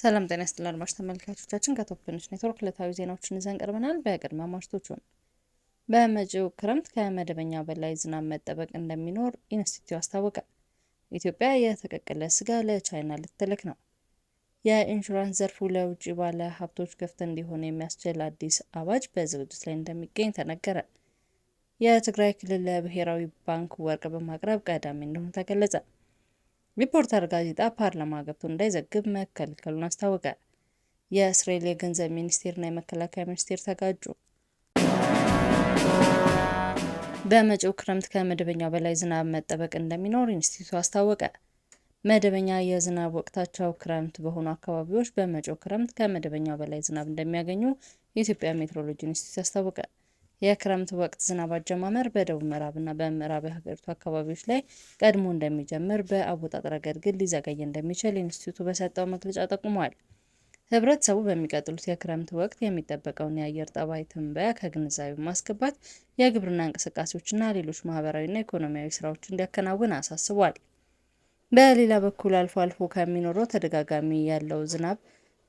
ሰላም ጤና ይስጥልን አድማጭ ተመልካቾቻችን፣ ከቶፕ ኒውስ ኔትወርክ ዕለታዊ ዜናዎችን ይዘን ቀርበናል። በቅድሚያ ማርቶቹን በመጪው ክረምት ከመደበኛ በላይ ዝናብ መጠበቅ እንደሚኖር ኢንስቲትዩ አስታወቀ። ኢትዮጵያ የተቀቀለ ስጋ ለቻይና ልትልክ ነው። የኢንሹራንስ ዘርፉ ለውጭ ባለ ሀብቶች ክፍት እንዲሆን የሚያስችል አዲስ አዋጅ በዝግጅት ላይ እንደሚገኝ ተነገረ። የትግራይ ክልል ለብሔራዊ ባንክ ወርቅ በማቅረብ ቀዳሚ እንደሆነ ተገለጸ። ሪፖርተር ጋዜጣ ፓርላማ ገብቶ እንዳይዘግብ መከልከሉን አስታወቀ። የእስራኤል የገንዘብ ሚኒስቴርና የመከላከያ ሚኒስቴር ተጋጩ። በመጪው ክረምት ከመደበኛው በላይ ዝናብ መጠበቅ እንደሚኖር ኢንስቲትዩቱ አስታወቀ። መደበኛ የዝናብ ወቅታቸው ክረምት በሆኑ አካባቢዎች በመጪው ክረምት ከመደበኛው በላይ ዝናብ እንደሚያገኙ የኢትዮጵያ ሜትሮሎጂ ኢንስቲትዩት አስታወቀ። የክረምት ወቅት ዝናብ አጀማመር በደቡብ ምዕራብና በምዕራብ የሀገሪቱ አካባቢዎች ላይ ቀድሞ እንደሚጀምር፣ በአወጣጥ ረገድ ግን ሊዘገይ እንደሚችል ኢንስቲትዩቱ በሰጠው መግለጫ ጠቁሟል። ህብረተሰቡ በሚቀጥሉት የክረምት ወቅት የሚጠበቀውን የአየር ጠባይ ትንበያ ከግንዛቤ በማስገባት የግብርና እንቅስቃሴዎችና ሌሎች ማህበራዊና ኢኮኖሚያዊ ስራዎች እንዲያከናውን አሳስቧል። በሌላ በኩል አልፎ አልፎ ከሚኖረው ተደጋጋሚ ያለው ዝናብ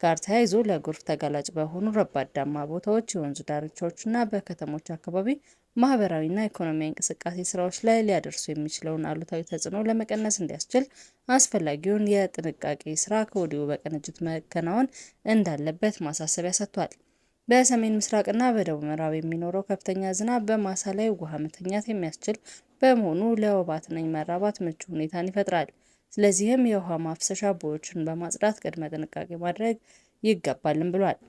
ጋር ተያይዞ ለጎርፍ ተጋላጭ በሆኑ ረባዳማ ቦታዎች፣ የወንዙ ዳርቻዎችና በከተሞች አካባቢ ማህበራዊና ኢኮኖሚያዊ እንቅስቃሴ ስራዎች ላይ ሊያደርሱ የሚችለውን አሉታዊ ተጽዕኖ ለመቀነስ እንዲያስችል አስፈላጊውን የጥንቃቄ ስራ ከወዲሁ በቅንጅት መከናወን እንዳለበት ማሳሰቢያ ሰጥቷል። በሰሜን ምስራቅና በደቡብ ምዕራብ የሚኖረው ከፍተኛ ዝናብ በማሳ ላይ ውሃ መተኛት የሚያስችል በመሆኑ ለወባ ትንኝ መራባት ምቹ ሁኔታን ይፈጥራል። ስለዚህም የውሃ ማፍሰሻ ቦዮችን በማጽዳት ቅድመ ጥንቃቄ ማድረግ ይገባልም ብሏል።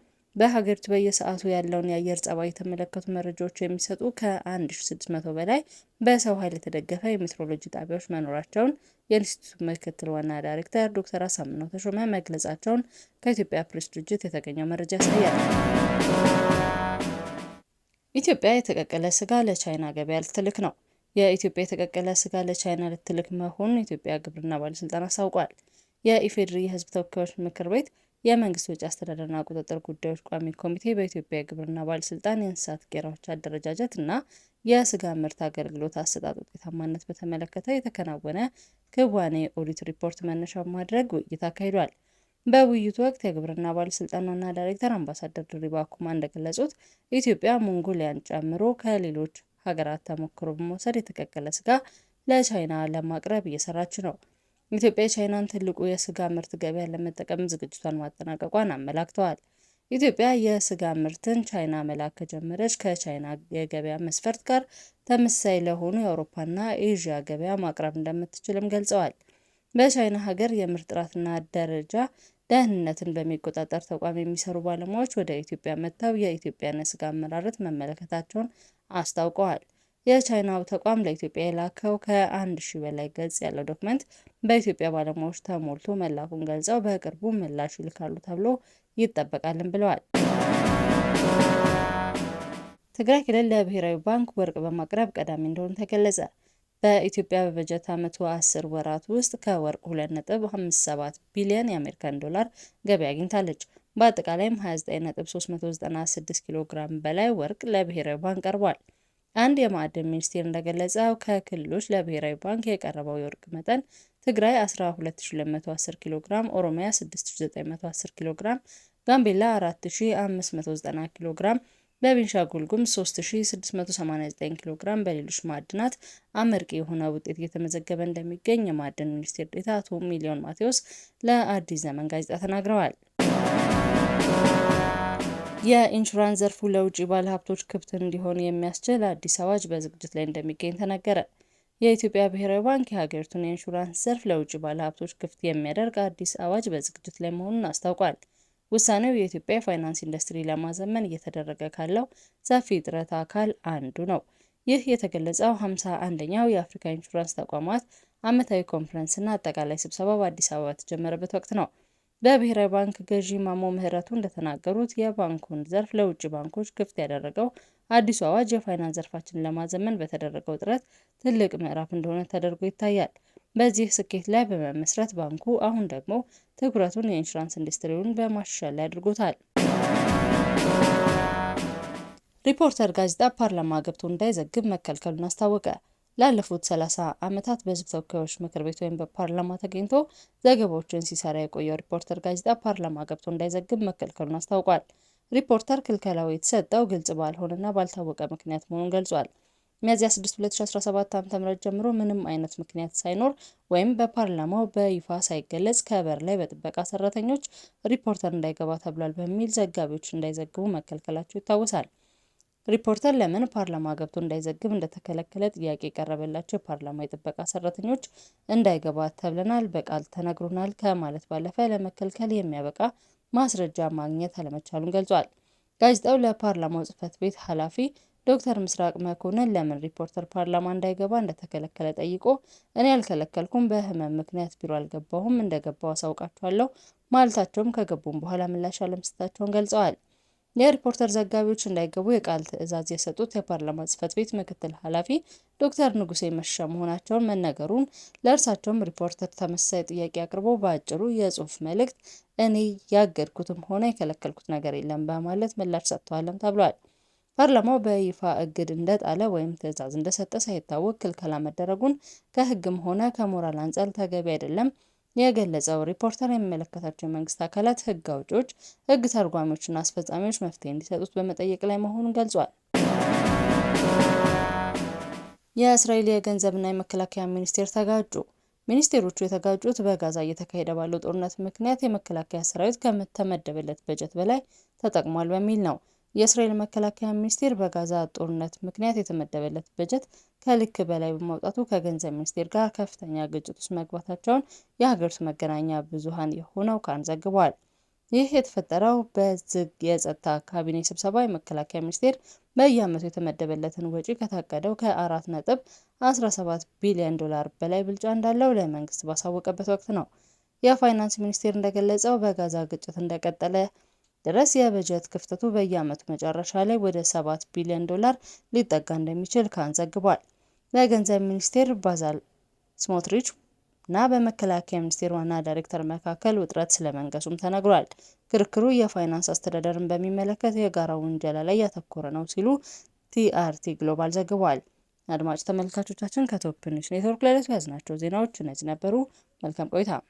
በሀገሪቱ በየሰዓቱ ያለውን የአየር ጸባይ የተመለከቱ መረጃዎች የሚሰጡ ከ1600 በላይ በሰው ኃይል የተደገፈ የሜትሮሎጂ ጣቢያዎች መኖራቸውን የኢንስቲቱ ምክትል ዋና ዳይሬክተር ዶክተር አሳምነው ተሾመ መግለጻቸውን ከኢትዮጵያ ፕሬስ ድርጅት የተገኘው መረጃ ያሳያል። ኢትዮጵያ የተቀቀለ ስጋ ለቻይና ገበያ ልትልክ ነው። የኢትዮጵያ የተቀቀለ ስጋ ለቻይና ልትልክ መሆኑን የኢትዮጵያ ግብርና ባለስልጣን አስታውቋል። የኢፌዴሪ የህዝብ ተወካዮች ምክር ቤት የመንግስት ወጪ አስተዳደርና ቁጥጥር ጉዳዮች ቋሚ ኮሚቴ በኢትዮጵያ የግብርና ባለስልጣን የእንስሳት ጌራዎች አደረጃጀት እና የስጋ ምርት አገልግሎት አሰጣጥ ውጤታማነት በተመለከተ የተከናወነ ክዋኔ ኦዲት ሪፖርት መነሻ በማድረግ ውይይት አካሂዷል። በውይይቱ ወቅት የግብርና ባለስልጣን ዋና ዳይሬክተር አምባሳደር ድሪባ ኩማ እንደገለጹት ኢትዮጵያ ሞንጎሊያን ጨምሮ ከሌሎች ሀገራት ተሞክሮ በመውሰድ የተቀቀለ ስጋ ለቻይና ለማቅረብ እየሰራች ነው። ኢትዮጵያ የቻይናን ትልቁ የስጋ ምርት ገበያ ለመጠቀም ዝግጅቷን ማጠናቀቋን አመላክተዋል። ኢትዮጵያ የስጋ ምርትን ቻይና መላክ ከጀመረች ከቻይና የገበያ መስፈርት ጋር ተመሳሳይ ለሆኑ የአውሮፓና ኤዥያ ገበያ ማቅረብ እንደምትችልም ገልጸዋል። በቻይና ሀገር የምርት ጥራትና ደረጃ ደህንነትን በሚቆጣጠር ተቋም የሚሰሩ ባለሙያዎች ወደ ኢትዮጵያ መጥተው የኢትዮጵያን ስጋ አመራረት መመለከታቸውን አስታውቀዋል። የቻይናው ተቋም ለኢትዮጵያ የላከው ከአንድ ሺህ በላይ ገጽ ያለው ዶክመንት በኢትዮጵያ ባለሙያዎች ተሞልቶ መላኩን ገልጸው በቅርቡ ምላሽ ይልካሉ ተብሎ ይጠበቃልን ብለዋል። ትግራይ ክልል ለብሔራዊ ባንክ ወርቅ በማቅረብ ቀዳሚ እንደሆነ ተገለጸ። በኢትዮጵያ በበጀት ዓመቱ አስር ወራት ውስጥ ከወርቅ 2.57 ቢሊዮን የአሜሪካን ዶላር ገቢ አግኝታለች። በአጠቃላይም 29396 ኪሎ ግራም በላይ ወርቅ ለብሔራዊ ባንክ ቀርቧል። አንድ የማዕድን ሚኒስቴር እንደገለጸው ከክልሎች ለብሔራዊ ባንክ የቀረበው የወርቅ መጠን ትግራይ 12210 ኪሎ ግራም፣ ኦሮሚያ 6910 ኪሎ ግራም፣ ጋምቤላ 4590 ኪሎ ግራም በቤንሻንጉል ጉሙዝ 3689 ኪሎ ግራም፣ በሌሎች ማዕድናት አመርቂ የሆነ ውጤት እየተመዘገበ እንደሚገኝ የማዕድን ሚኒስቴር ዴኤታ አቶ ሚሊዮን ማቴዎስ ለአዲስ ዘመን ጋዜጣ ተናግረዋል። የኢንሹራንስ ዘርፉ ለውጭ ባለሀብቶች ክፍት እንዲሆን የሚያስችል አዲስ አዋጅ በዝግጅት ላይ እንደሚገኝ ተነገረ። የኢትዮጵያ ብሔራዊ ባንክ የሀገሪቱን የኢንሹራንስ ዘርፍ ለውጭ ባለሀብቶች ክፍት የሚያደርግ አዲስ አዋጅ በዝግጅት ላይ መሆኑን አስታውቋል። ውሳኔው የኢትዮጵያ የፋይናንስ ኢንዱስትሪ ለማዘመን እየተደረገ ካለው ሰፊ ጥረት አካል አንዱ ነው። ይህ የተገለጸው ሃምሳ አንደኛው የአፍሪካ ኢንሹራንስ ተቋማት ዓመታዊ ኮንፈረንስና አጠቃላይ ስብሰባ በአዲስ አበባ በተጀመረበት ወቅት ነው። በብሔራዊ ባንክ ገዢ ማሞ ምህረቱ እንደተናገሩት የባንኩን ዘርፍ ለውጭ ባንኮች ክፍት ያደረገው አዲሱ አዋጅ የፋይናንስ ዘርፋችንን ለማዘመን በተደረገው ጥረት ትልቅ ምዕራፍ እንደሆነ ተደርጎ ይታያል። በዚህ ስኬት ላይ በመመስረት ባንኩ አሁን ደግሞ ትኩረቱን የኢንሹራንስ ኢንዱስትሪውን በማሻሻል ላይ አድርጎታል። ሪፖርተር ጋዜጣ ፓርላማ ገብቶ እንዳይዘግብ መከልከሉን አስታወቀ። ላለፉት 30 ዓመታት በሕዝብ ተወካዮች ምክር ቤት ወይም በፓርላማ ተገኝቶ ዘገባዎችን ሲሰራ የቆየው ሪፖርተር ጋዜጣ ፓርላማ ገብቶ እንዳይዘግብ መከልከሉን አስታውቋል። ሪፖርተር ክልከላው የተሰጠው ግልጽ ባልሆነና ባልታወቀ ምክንያት መሆኑን ገልጿል። ሚያዝያ 6 2017 ዓ.ም ጀምሮ ምንም አይነት ምክንያት ሳይኖር ወይም በፓርላማው በይፋ ሳይገለጽ ከበር ላይ በጥበቃ ሰራተኞች ሪፖርተር እንዳይገባ ተብሏል በሚል ዘጋቢዎች እንዳይዘግቡ መከልከላቸው ይታወሳል። ሪፖርተር ለምን ፓርላማ ገብቶ እንዳይዘግብ እንደተከለከለ ጥያቄ የቀረበላቸው የፓርላማ የጥበቃ ሰራተኞች እንዳይገባ ተብለናል፣ በቃል ተነግሮናል ከማለት ባለፈ ለመከልከል የሚያበቃ ማስረጃ ማግኘት አለመቻሉን ገልጿል። ጋዜጣው ለፓርላማው ጽህፈት ቤት ኃላፊ ዶክተር ምስራቅ መኮንን ለምን ሪፖርተር ፓርላማ እንዳይገባ እንደተከለከለ ጠይቆ እኔ አልከለከልኩም፣ በህመም ምክንያት ቢሮ አልገባሁም፣ እንደገባው አሳውቃችኋለሁ ማለታቸውም ከገቡም በኋላ ምላሽ አለመስጠታቸውን ገልጸዋል። የሪፖርተር ዘጋቢዎች እንዳይገቡ የቃል ትዕዛዝ የሰጡት የፓርላማ ጽህፈት ቤት ምክትል ኃላፊ ዶክተር ንጉሴ መሻ መሆናቸውን መነገሩን ለእርሳቸውም ሪፖርተር ተመሳሳይ ጥያቄ አቅርቦ በአጭሩ የጽሁፍ መልእክት እኔ ያገድኩትም ሆነ የከለከልኩት ነገር የለም በማለት ምላሽ ሰጥተዋለም ተብሏል። ፓርላማው በይፋ እግድ እንደጣለ ወይም ትዕዛዝ እንደሰጠ ሳይታወቅ ክልከላ መደረጉን ከህግም ሆነ ከሞራል አንጻር ተገቢ አይደለም የገለጸው ሪፖርተር የሚመለከታቸው የመንግስት አካላት ህግ አውጪዎች፣ ህግ ተርጓሚዎችና አስፈጻሚዎች መፍትሄ እንዲሰጡት በመጠየቅ ላይ መሆኑን ገልጿል። የእስራኤል የገንዘብና የመከላከያ ሚኒስቴር ተጋጩ። ሚኒስቴሮቹ የተጋጩት በጋዛ እየተካሄደ ባለው ጦርነት ምክንያት የመከላከያ ሰራዊት ከተመደበለት በጀት በላይ ተጠቅሟል በሚል ነው። የእስራኤል መከላከያ ሚኒስቴር በጋዛ ጦርነት ምክንያት የተመደበለት በጀት ከልክ በላይ በማውጣቱ ከገንዘብ ሚኒስቴር ጋር ከፍተኛ ግጭት ውስጥ መግባታቸውን የሀገሪቱ መገናኛ ብዙሃን የሆነው ካን ዘግቧል። ይህ የተፈጠረው በዝግ የጸጥታ ካቢኔ ስብሰባ የመከላከያ ሚኒስቴር በየዓመቱ የተመደበለትን ወጪ ከታቀደው ከአራት ነጥብ 17 ቢሊዮን ዶላር በላይ ብልጫ እንዳለው ለመንግስት ባሳወቀበት ወቅት ነው። የፋይናንስ ሚኒስቴር እንደገለጸው በጋዛ ግጭት እንደቀጠለ ድረስ የበጀት ክፍተቱ በየዓመቱ መጨረሻ ላይ ወደ 7 ቢሊዮን ዶላር ሊጠጋ እንደሚችል ካን ዘግቧል። በገንዘብ ሚኒስቴር ባዛል ስሞትሪች እና በመከላከያ ሚኒስቴር ዋና ዳይሬክተር መካከል ውጥረት ስለመንገሱም ተነግሯል። ክርክሩ የፋይናንስ አስተዳደርን በሚመለከት የጋራ ውንጀላ ላይ ያተኮረ ነው ሲሉ ቲአርቲ ግሎባል ዘግቧል። አድማጭ ተመልካቾቻችን ከቶፕ ኒውስ ኔትወርክ ለዕለቱ ያዝናቸው ዜናዎች እነዚህ ነበሩ። መልካም ቆይታ